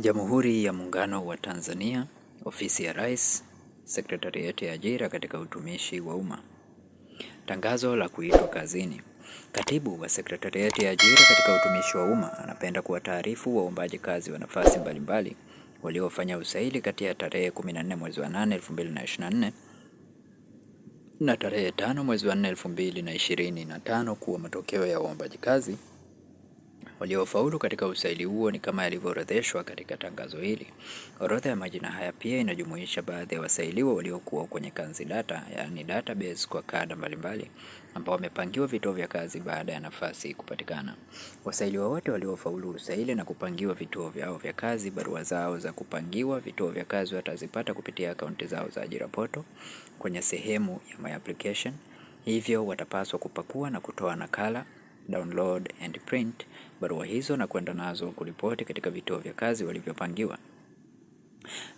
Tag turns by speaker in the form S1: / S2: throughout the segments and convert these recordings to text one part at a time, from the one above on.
S1: Jamhuri ya Muungano wa Tanzania, Ofisi ya Rais, Sekretarieti ya Ajira katika Utumishi wa Umma. Tangazo la kuitwa kazini. Katibu wa Sekretarieti ya Ajira katika Utumishi wa Umma anapenda kuwataarifu waombaji kazi wa nafasi mbalimbali waliofanya usaili kati ya tarehe 14 mwezi wa 8 2024 na tarehe 5 mwezi wa 4 2025 kuwa matokeo ya waombaji kazi Waliofaulu katika usaili huo ni kama yalivyoorodheshwa katika tangazo hili. Orodha ya majina haya pia inajumuisha baadhi ya wasailiwa waliokuwa kwenye kanzi data, yaani database kwa kada mbalimbali, ambao wamepangiwa vituo vya kazi baada ya nafasi kupatikana. Wasailiwa wote waliofaulu usaili na kupangiwa vituo vyao vya kazi, barua zao za kupangiwa vituo vya kazi watazipata kupitia akaunti zao za ajira poto kwenye sehemu ya my application. Hivyo watapaswa kupakua na kutoa nakala download and print barua hizo na kwenda nazo kuripoti katika vituo vya kazi walivyopangiwa.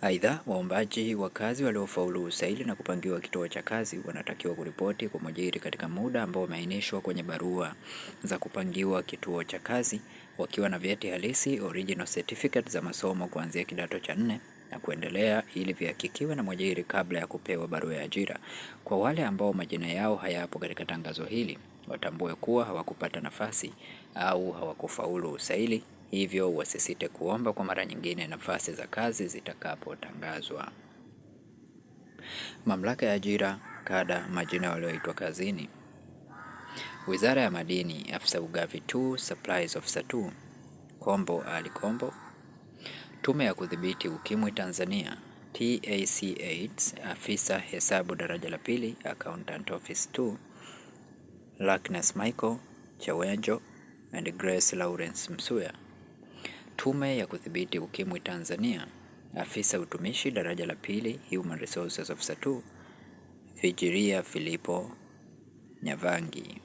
S1: Aidha, waombaji wa kazi waliofaulu usaili na kupangiwa kituo cha kazi wanatakiwa kuripoti kwa mwajiri katika muda ambao umeainishwa kwenye barua za kupangiwa kituo cha kazi wakiwa na vyeti halisi original certificate za masomo kuanzia kidato cha nne na kuendelea ili vihakikiwe na mwajiri kabla ya kupewa barua ya ajira. Kwa wale ambao majina yao hayapo katika tangazo hili, watambue kuwa hawakupata nafasi au hawakufaulu usaili, hivyo wasisite kuomba kwa mara nyingine nafasi za kazi zitakapotangazwa. Mamlaka ya ajira, kada, majina walioitwa kazini. Wizara ya Madini, afisa ugavi tu, supplies officer tu, Kombo Ali Kombo. Tume ya Kudhibiti Ukimwi Tanzania TAC afisa hesabu daraja la pili, accountant office 2 Luckness Michael Chewenjo and Grace Lawrence Msuya. Tume ya Kudhibiti Ukimwi Tanzania, afisa utumishi daraja la pili Human Resources Officer 2 Vigiria Filipo Nyavangi.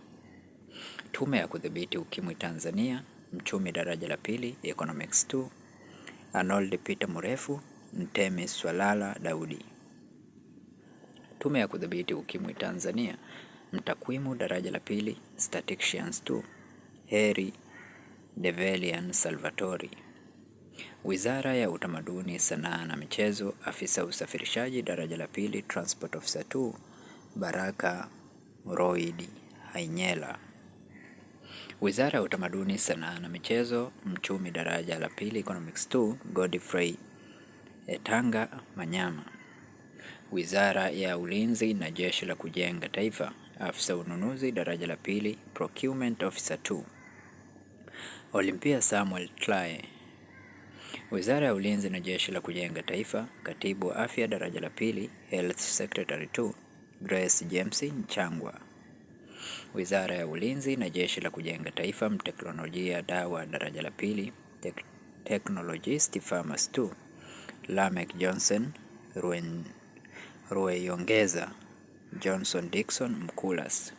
S1: Tume ya Kudhibiti Ukimwi Tanzania, mchumi daraja la pili Economics 2 Arnold Peter Murefu Mtemi Swalala Daudi. Tume ya Kudhibiti Ukimwi Tanzania Mtakwimu daraja la pili statisticians 2 Heri Develian Salvatori. Wizara ya Utamaduni, Sanaa na Michezo, afisa usafirishaji daraja la pili transport officer 2 Baraka Roidi Hainyela. Wizara ya Utamaduni, Sanaa na Michezo, mchumi daraja la pili economics 2 Godfrey Etanga Manyama. Wizara ya Ulinzi na Jeshi la Kujenga Taifa afisa ununuzi daraja la pili, procurement officer 2. Olimpia Samuel Tlae, wizara ya ulinzi na jeshi la kujenga taifa, katibu wa afya daraja la pili, health secretary 2. Grace James Nchangwa, wizara ya ulinzi na jeshi la kujenga taifa, mteknolojia dawa daraja la pili, Tek technologist pharmacy 2. Lamek Johnson Rweyongeza Johnson Dickson Mkulas.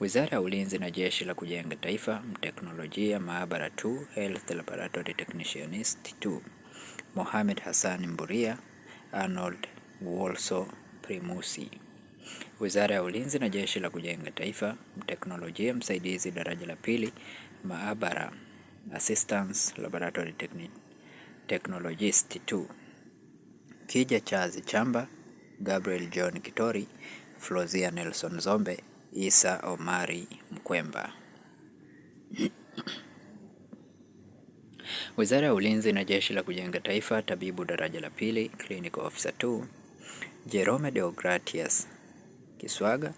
S1: Wizara ya Ulinzi na Jeshi la Kujenga Taifa, Mteknolojia Maabara 2, Health Laboratory Technicianist 2. Mohamed Hassan Mburia, Arnold Wolso Primusi. Wizara ya Ulinzi na Jeshi la Kujenga Taifa, Mteknolojia Msaidizi Daraja la Pili, Maabara Assistance Laboratory Techni Technologist 2. Kija Chazi Chamba, Gabriel John Kitori Flozia Nelson Zombe, Isa Omari Mkwemba. Wizara ya Ulinzi na Jeshi la Kujenga Taifa, tabibu daraja la pili, clinical officer 2, Jerome Deogratius Kiswaga,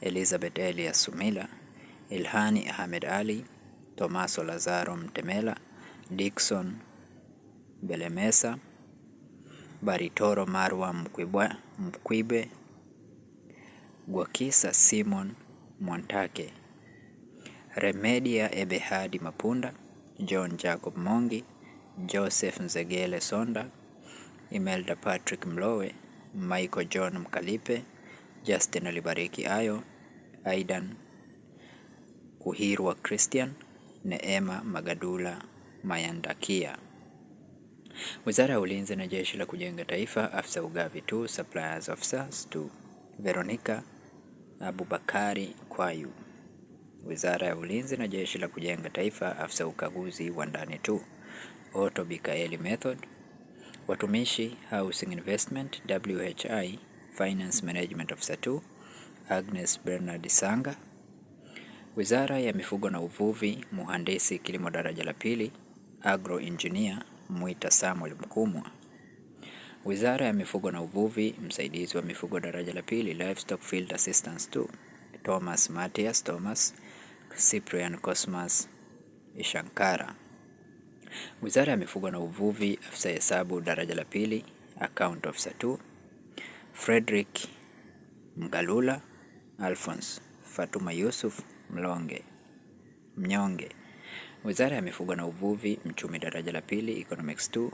S1: Elizabeth Elias Sumila, Ilhani Ahmed Ali, Tomaso Lazaro Mtemela, Dickson Belemesa, Baritoro Marwa Mkwibwe Gwakisa Simon Mwantake, Remedia Ebehadi Mapunda, John Jacob Mongi, Joseph Nzegele Sonda, Imelda Patrick Mlowe, Michael John Mkalipe, Justin Alibariki Ayo, Aidan Kuhirwa Christian, Neema Magadula Mayandakia. Wizara ya Ulinzi na Jeshi la Kujenga Taifa, afisa ugavi 2, suppliers officers 2. Veronica Abubakari Kwayu, Wizara ya Ulinzi na Jeshi la Kujenga Taifa, afisa ukaguzi wa ndani tu, Otto Bikaeli Method, watumishi Housing Investment WHI, Finance Management Officer 2, Agnes Bernard Sanga, Wizara ya Mifugo na Uvuvi, Muhandisi Kilimo daraja la pili, Agro Engineer Mwita Samuel Mkumwa. Wizara ya Mifugo na Uvuvi, msaidizi wa mifugo daraja la pili, Livestock Field Assistance 2, Thomas Matias Thomas, Cyprian Cosmas Ishankara. Wizara ya Mifugo na Uvuvi, afisa hesabu daraja la pili, Account Officer 2, Frederick Mgalula, Alphonse Fatuma Yusuf Mlonge Mnyonge. Wizara ya Mifugo na Uvuvi, mchumi daraja la pili, Economics 2,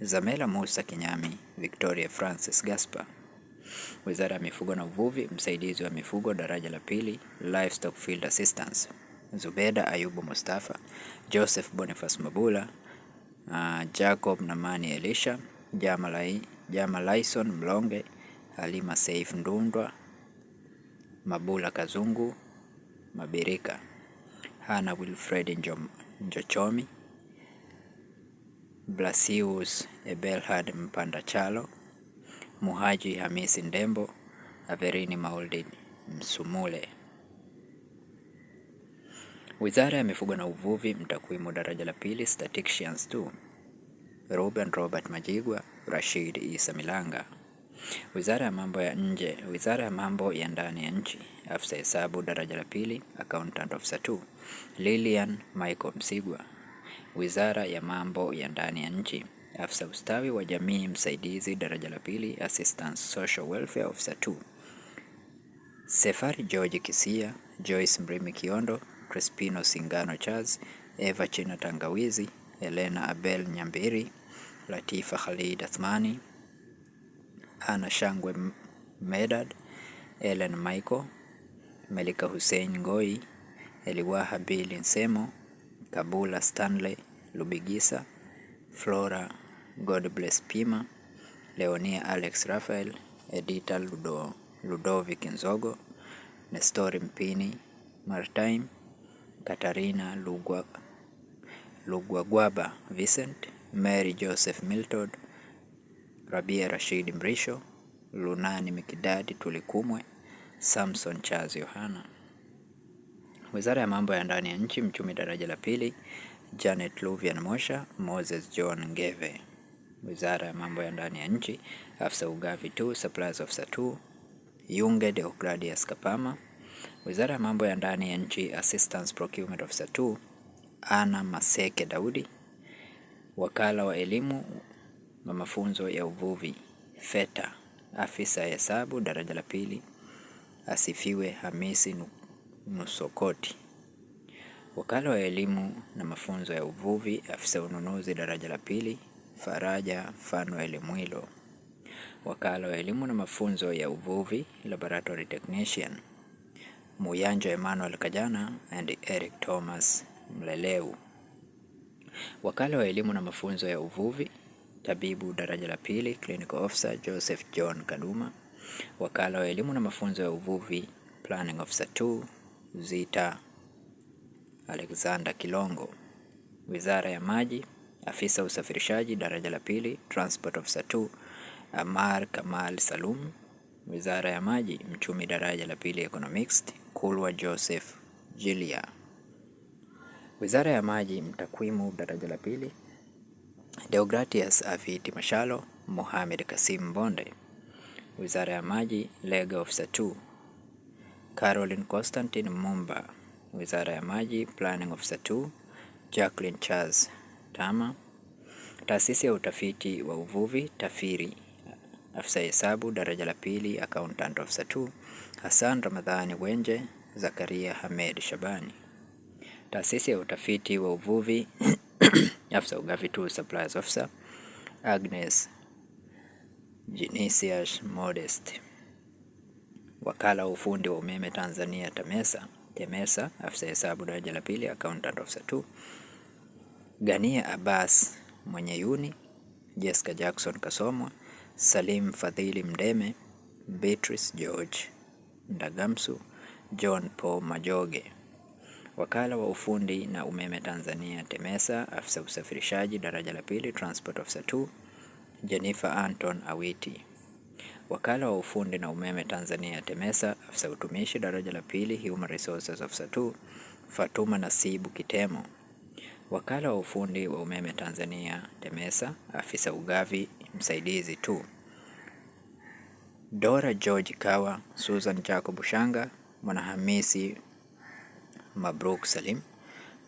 S1: Zamela Musa Kinyami, Victoria Francis Gaspar. Wizara ya Mifugo na Uvuvi, msaidizi wa mifugo daraja la pili, Livestock Field Assistance. Zubeda Ayubu Mustafa, Joseph Boniface Mabula, uh, Jacob Namani Elisha, Jamalai, Jamalaison Mlonge, Halima Saif Ndundwa, Mabula Kazungu Mabirika, Hana Wilfred Njochomi, Blasius mpanda chalo Muhaji Hamisi Ndembo, Averini Maulid Msumule. Wizara ya Mifugo na Uvuvi, mtakwimu daraja la pili, Statisticians 2 Ruben Robert Majigwa, Rashid Isa Milanga. Wizara ya Mambo ya Nje, Wizara ya Mambo ya Ndani ya Nchi, afisa hesabu daraja la pili, Accountant Officer 2 Lilian Michael Msigwa. Wizara ya Mambo ya Ndani ya Nchi, afisa ustawi wa jamii msaidizi daraja la pili, Assistant Social Welfare Officer 2. Sefari George Kisia, Joyce Mrimi Kiondo, Crispino Singano Charles, Eva China Tangawizi, Elena Abel Nyambiri, Latifa Khalid Athmani, Ana Shangwe Medad, Ellen Michael, Melika Hussein Ngoi, Eliwaha Bili Nsemo, Kabula Stanley Lubigisa, Flora Godbless Pima, Leonia Alex Raphael, Edita Ludo, Ludovic Nzogo, Nestori Mpini Martime, Katarina Lugwa, Lugwagwaba Vincent, Mary Joseph Miltod, Rabia Rashid Mrisho, Lunani Mikidadi Tulikumwe, Samson Charles Yohana Wizara ya Mambo ya Ndani ya Nchi, Mchumi daraja la pili, Janet Luvian Mosha, Moses John Ngeve. Wizara ya Mambo ya Ndani ya Nchi, Afisa Ugavi tu, Supplies Officer 2, Yunge Deogradius Kapama. Wizara ya Mambo ya Ndani ya Nchi, Assistant Procurement Officer 2, Ana Maseke Daudi. Wakala wa Elimu na Mafunzo ya Uvuvi, FETA. Afisa ya Hesabu daraja la pili, Asifiwe Hamisi Nuku. Nusokoti. Wakala wa Elimu na Mafunzo ya Uvuvi, afisa ununuzi daraja la pili, Faraja Fanuel Mwilo. Wakala wa Elimu na Mafunzo ya Uvuvi, Laboratory Technician, Muyanjo Emmanuel Kajana and Eric Thomas Mleleu. Wakala wa Elimu na Mafunzo ya Uvuvi, Tabibu daraja la pili, Clinical Officer Joseph John Kaduma. Wakala wa Elimu na Mafunzo ya Uvuvi, Planning Officer 2 Zita Alexander Kilongo, Wizara ya Maji, afisa usafirishaji daraja la pili Transport Officer 2 Amar Kamal Salum, Wizara ya Maji, mchumi daraja la pili Economics Kulwa Joseph Jilia, Wizara ya Maji, mtakwimu daraja la pili Deogratias Afiti Mashalo, Mohamed Kasim Bonde, Wizara ya Maji, Lega Officer 2 Caroline Constantin Mumba, Wizara ya Maji, Planning Officer 2. Jacqueline Charles Tama, Taasisi ya Utafiti wa Uvuvi TAFIRI, Afisa Hesabu daraja la pili, Accountant Officer 2. Hassan Ramadhani Wenje, Zakaria Hamed Shabani, Taasisi ya Utafiti wa Uvuvi Afisa Ugavi 2, Supplies Officer. Agnes Genesius Modest Wakala wa Ufundi wa Umeme Tanzania tamesa TEMESA afisa hesabu daraja la pili, accountant officer 2, Gania Abbas mwenye yuni Jessica Jackson Kasomwa, Salim Fadhili Mdeme, Beatrice George Ndagamsu, John Paul Majoge. Wakala wa Ufundi na Umeme Tanzania TEMESA afisa usafirishaji daraja la pili, transport officer 2, Jennifer Anton Awiti. Wakala wa Ufundi na Umeme Tanzania TEMESA, afisa utumishi daraja la pili Human Resources Officer 2 Fatuma Nasibu Kitemo. Wakala wa Ufundi wa Umeme Tanzania TEMESA, afisa ugavi msaidizi tu Dora George Kawa, Susan Jacob Shanga, Mwanahamisi Mabruk Salim,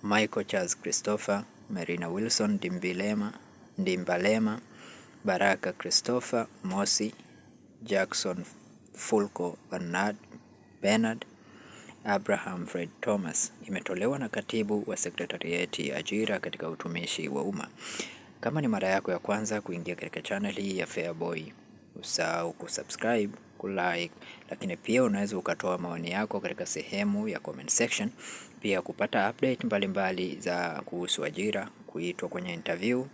S1: Michael Charles Christopher, Marina Wilson Dimbilema, Dimbalema, Baraka Christopher Mosi Jackson Fulco Bernard, Bernard Abraham Fred Thomas. Imetolewa na katibu wa sekretarieti ya ajira katika utumishi wa umma. Kama ni mara yako ya kwanza kuingia katika channel hii ya Feaboy, usahau kusubscribe, kulike, lakini pia unaweza ukatoa maoni yako katika sehemu ya comment section, pia kupata update mbalimbali mbali za kuhusu ajira, kuitwa kwenye interview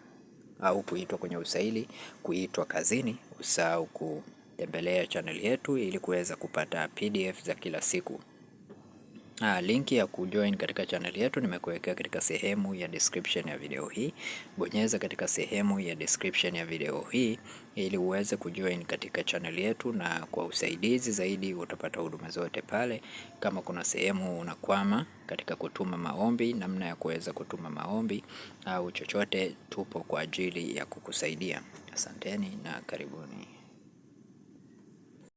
S1: au kuitwa kwenye usaili, kuitwa kazini. Usahau ku tembelea channel yetu ili kuweza kupata PDF za kila siku. Ah, linki ya kujoin katika channel yetu nimekuwekea katika sehemu ya description ya video hii. Bonyeza katika sehemu ya description ya video hii ili uweze kujoin katika channel yetu, na kwa usaidizi zaidi utapata huduma zote pale. Kama kuna sehemu unakwama katika kutuma maombi, namna ya kuweza kutuma maombi au chochote, tupo kwa ajili ya kukusaidia. Asanteni na karibuni.